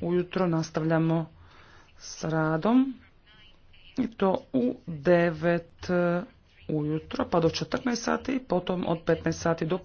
ujutro nastavljamo s radom i to u 9 e, ujutro pa do 14 sati, potom od 15 sati do